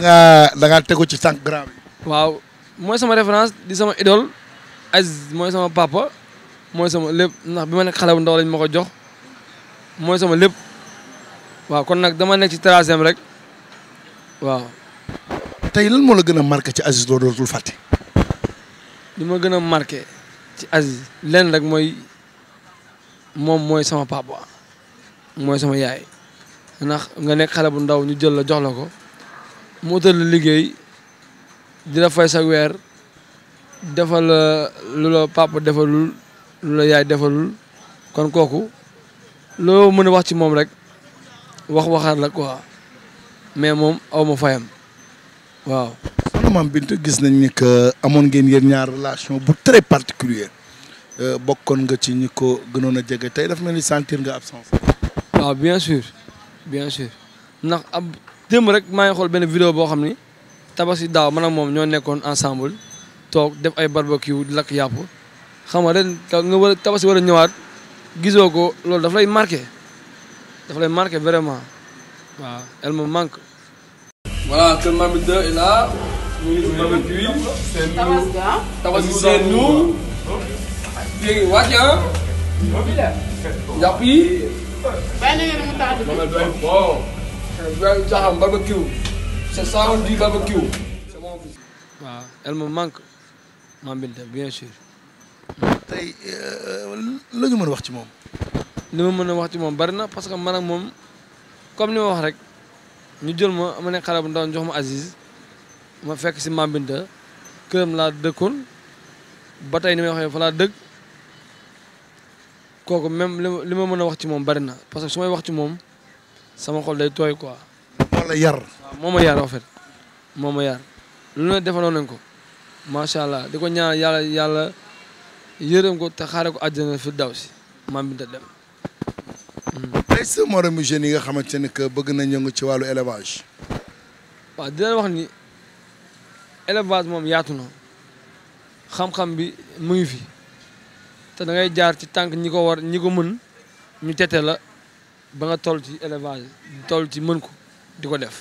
nga da nga tegu ci tànk grand bi. waaw mooy sama référence di sama idole Aziz mooy sama papa mooy sama lépp ndax bi ma nekk xale bu ndaw lañ moo ko jox mooy sama lépp waaw kon nag dama nekk ci troisième rek waaw. tey lan moo la gën a marqué ci Aziz loolu dootul fàtte. li ma gën a marqué ci Aziz lenn rek mooy moom mooy sama papa mooy sama yaay ndax nga nekk xale bu ndaw ñu jël la jox la ko. mu utal la liggéey dina la fay sa weer defal lu la papa defalul lu la yaay defalul kon kooku loo mën a wax ci moom rek wax waxaat la quoi mais moom awma ma fayam waaw. soxna maam Binta gis nañ ni que amoon ngeen yéen ñaar relation bu très particulière euh, bokkoon nga ci ñi ko gënoon a jege tey daf mel ni sentir nga absence. waaw ah, bien sûr bien sûr ndax ab démb rek maa ngi xool benn vidéo boo xam ni tabasi daaw man moom ñoo nekkoon ensemble toog def ay barbecue di lakk yàpp xam nga ren war a ñëwaat gisoo ko loolu dafay lay marqué daf lay marqué vraiment waaw elle me yooyu Diakham barbecue c'est ça on dit barbecue c'est waaw elle manque Mame bien sûr. tey euh, la ñu mën wax ci moom. li ma mën a wax ci moom bari na parce que man ak moom comme ni ma wax rek ñu jël ma ma ne xale bu ndaw jox ma Aziz ma fekk si Mame Binta këram laa dëkkoon ba tey ni may waxee fa laa dëkk kooku même li ma mën a wax ci moom bari na parce que su may wax ci moom. sama xol day tooy quoi. wala yar. waaw moo ma yar en fait moo ma yar lu ne defaloon nañ ko macha allah di ko ñaar yàlla yàlla yërëm ko te xaare ko àjjana fi daw si ma bi da dem. ay sa moromu jeunes yi nga xamante ne bëgg nañ yëngu ci wàllu élevage. waaw dinañ wax ni élevage moom yaatu na xam-xam bi mu ngi fi te da ngay jaar ci tànk ñi ko war ñi ko mën ñu tete la. ba nga toll ci élevage toll ci mën ko di ko def